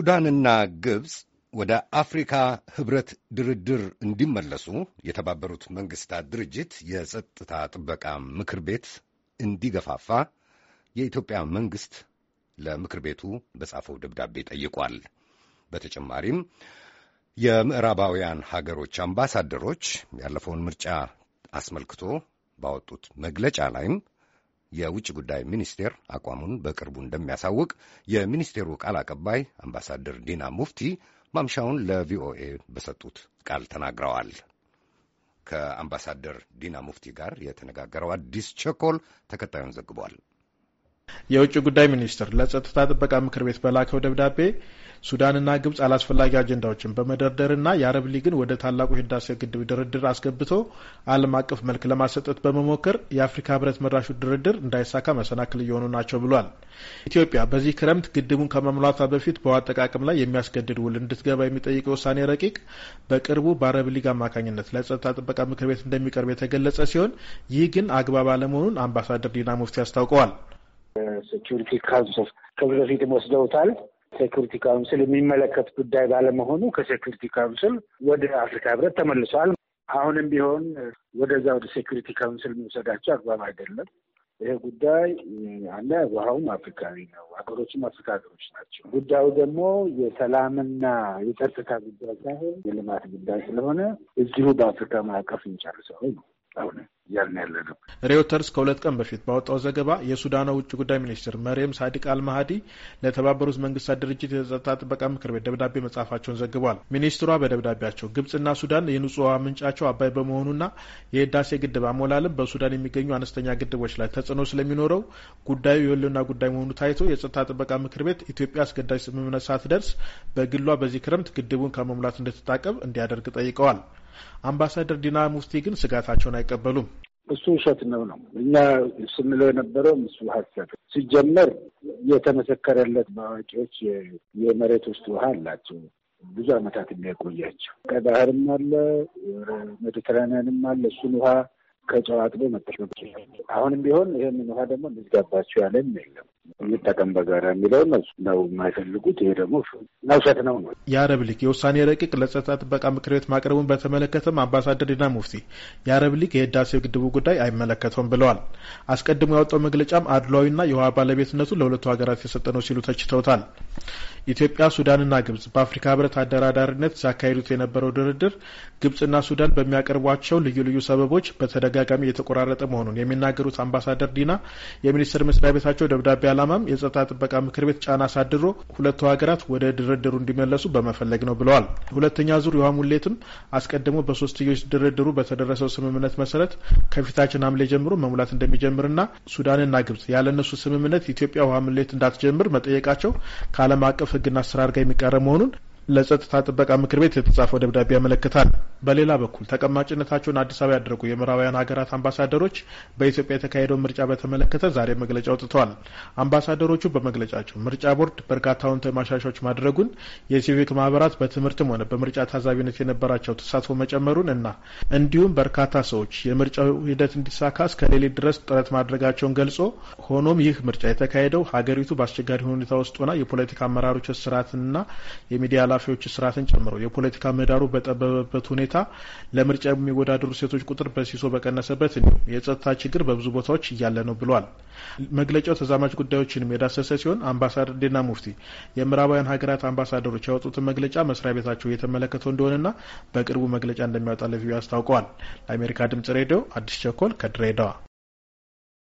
ሱዳንና ግብፅ ወደ አፍሪካ ህብረት ድርድር እንዲመለሱ የተባበሩት መንግስታት ድርጅት የጸጥታ ጥበቃ ምክር ቤት እንዲገፋፋ የኢትዮጵያ መንግስት ለምክር ቤቱ በጻፈው ደብዳቤ ጠይቋል። በተጨማሪም የምዕራባውያን ሀገሮች አምባሳደሮች ያለፈውን ምርጫ አስመልክቶ ባወጡት መግለጫ ላይም የውጭ ጉዳይ ሚኒስቴር አቋሙን በቅርቡ እንደሚያሳውቅ የሚኒስቴሩ ቃል አቀባይ አምባሳደር ዲና ሙፍቲ ማምሻውን ለቪኦኤ በሰጡት ቃል ተናግረዋል። ከአምባሳደር ዲና ሙፍቲ ጋር የተነጋገረው አዲስ ቸኮል ተከታዩን ዘግቧል። የውጭ ጉዳይ ሚኒስትር ለጸጥታ ጥበቃ ምክር ቤት በላከው ደብዳቤ ሱዳንና ግብጽ አላስፈላጊ አጀንዳዎችን በመደርደርና የአረብ ሊግን ወደ ታላቁ ህዳሴ ግድብ ድርድር አስገብቶ ዓለም አቀፍ መልክ ለማሰጠት በመሞከር የአፍሪካ ህብረት መራሹ ድርድር እንዳይሳካ መሰናክል እየሆኑ ናቸው ብሏል። ኢትዮጵያ በዚህ ክረምት ግድቡን ከመሙላቷ በፊት በውሃ አጠቃቀም ላይ የሚያስገድድ ውል እንድትገባ የሚጠይቅ ውሳኔ ረቂቅ በቅርቡ በአረብ ሊግ አማካኝነት ለጸጥታ ጥበቃ ምክር ቤት እንደሚቀርብ የተገለጸ ሲሆን ይህ ግን አግባብ አለመሆኑን አምባሳደር ዲና ሙፍቲ አስታውቀዋል። ሴኪሪቲ ካውንስል ከዚህ በፊትም ወስደውታል። ሴኩሪቲ ካውንስል የሚመለከት ጉዳይ ባለመሆኑ ከሴኩሪቲ ካውንስል ወደ አፍሪካ ህብረት ተመልሷል። አሁንም ቢሆን ወደዛ ወደ ሴኩሪቲ ካውንስል የሚወሰዳቸው አግባብ አይደለም። ይሄ ጉዳይ አለ። ውሃውም አፍሪካዊ ነው፣ ሀገሮችም አፍሪካ ሀገሮች ናቸው። ጉዳዩ ደግሞ የሰላምና የጸጥታ ጉዳይ ሳይሆን የልማት ጉዳይ ስለሆነ እዚሁ በአፍሪካ ማዕቀፍ እንጨርሰው ነው አሁን እያልን ያለ ነው። ሬውተርስ ከሁለት ቀን በፊት ባወጣው ዘገባ የሱዳን ውጭ ጉዳይ ሚኒስትር መሪየም ሳዲቅ አልማሃዲ ለተባበሩት መንግስታት ድርጅት የጸጥታ ጥበቃ ምክር ቤት ደብዳቤ መጻፋቸውን ዘግቧል። ሚኒስትሯ በደብዳቤያቸው ግብጽና ሱዳን የንጹህ ውሃ ምንጫቸው አባይ በመሆኑና የህዳሴ ግድብ አሞላልም በሱዳን የሚገኙ አነስተኛ ግድቦች ላይ ተጽዕኖ ስለሚኖረው ጉዳዩ የህልውና ጉዳይ መሆኑ ታይቶ የጸጥታ ጥበቃ ምክር ቤት ኢትዮጵያ አስገዳጅ ስምምነት ሳትደርስ በግሏ በዚህ ክረምት ግድቡን ከመሙላት እንድትታቀብ እንዲያደርግ ጠይቀዋል። አምባሳደር ዲና ሙፍቲ ግን ስጋታቸውን አይቀበሉም። እሱ ውሸት ነው ነው እኛ ስንለው የነበረውም እሱ ሀሰብ ሲጀመር የተመሰከረለት በአዋቂዎች የመሬት ውስጥ ውሃ አላቸው ብዙ አመታት የሚያቆያቸው ቀይ ባህርም አለ ሜዲትራኒያንም አለ እሱን ውሃ ከጨዋጥሎ መጠቀም አሁንም ቢሆን ይህንን ውሃ ደግሞ እንዝጋባቸው ያለም የለም እንጠቀም በጋራ የሚለው ነው የማይፈልጉት። ይሄ ደግሞ ነውሰት ነው ነው። የአረብ ሊግ የውሳኔ ረቂቅ ለጸጥታ ጥበቃ ምክር ቤት ማቅረቡን በተመለከተም አምባሳደር ዲና ሙፍቲ የአረብ ሊግ የህዳሴው ግድቡ ጉዳይ አይመለከተውም ብለዋል። አስቀድሞ ያወጣው መግለጫም አድሏዊና የውሃ ባለቤትነቱ ለሁለቱ ሀገራት የሰጠ ነው ሲሉ ተችተውታል። ኢትዮጵያ፣ ሱዳንና ግብጽ በአፍሪካ ህብረት አደራዳሪነት ሲያካሂዱት የነበረው ድርድር ግብጽና ሱዳን በሚያቀርቧቸው ልዩ ልዩ ሰበቦች በተደጋጋሚ የተቆራረጠ መሆኑን የሚናገሩት አምባሳደር ዲና የሚኒስቴር መስሪያ ቤታቸው ደብዳቤ ዓላማ ዓላማም የጸጥታ ጥበቃ ምክር ቤት ጫና አሳድሮ ሁለቱ ሀገራት ወደ ድርድሩ እንዲመለሱ በመፈለግ ነው ብለዋል። ሁለተኛ ዙር የውሃ ሙሌትም አስቀድሞ በሶስትዮሽ ድርድሩ በተደረሰው ስምምነት መሰረት ከፊታችን ሐምሌ ጀምሮ መሙላት እንደሚጀምርና ሱዳንና ግብጽ ያለነሱ ስምምነት ኢትዮጵያ ውሃ ሙሌት እንዳትጀምር መጠየቃቸው ከዓለም አቀፍ ሕግና አሰራር ጋር የሚቃረን መሆኑን ለጸጥታ ጥበቃ ምክር ቤት የተጻፈው ደብዳቤ ያመለክታል። በሌላ በኩል ተቀማጭነታቸውን አዲስ አበባ ያደረጉ የምዕራባውያን ሀገራት አምባሳደሮች በኢትዮጵያ የተካሄደውን ምርጫ በተመለከተ ዛሬ መግለጫ አውጥተዋል። አምባሳደሮቹ በመግለጫቸው ምርጫ ቦርድ በርካታ አዎንታዊ ማሻሻያዎች ማድረጉን፣ የሲቪክ ማህበራት በትምህርትም ሆነ በምርጫ ታዛቢነት የነበራቸው ተሳትፎ መጨመሩን እና እንዲሁም በርካታ ሰዎች የምርጫው ሂደት እንዲሳካ እስከ ሌሊት ድረስ ጥረት ማድረጋቸውን ገልጾ ሆኖም ይህ ምርጫ የተካሄደው ሀገሪቱ በአስቸጋሪ ሁኔታ ውስጥ ሆና የፖለቲካ አመራሮች ስርዓትና የሚዲያ ኃላፊዎች ስርዓትን ጨምሮ የፖለቲካ ምህዳሩ በጠበበበት ሁኔታ ለምርጫ የሚወዳደሩ ሴቶች ቁጥር በሲሶ በቀነሰበት እንዲሁም የጸጥታ ችግር በብዙ ቦታዎች እያለ ነው ብሏል። መግለጫው ተዛማጅ ጉዳዮችንም የዳሰሰ ሲሆን አምባሳደር ዲና ሙፍቲ የምዕራባውያን ሀገራት አምባሳደሮች ያወጡትን መግለጫ መስሪያ ቤታቸው እየተመለከተው እንደሆነና በቅርቡ መግለጫ እንደሚያወጣ ለቪኦኤ አስታውቀዋል። ለአሜሪካ ድምጽ ሬዲዮ አዲስ ቸኮል ከድሬዳዋ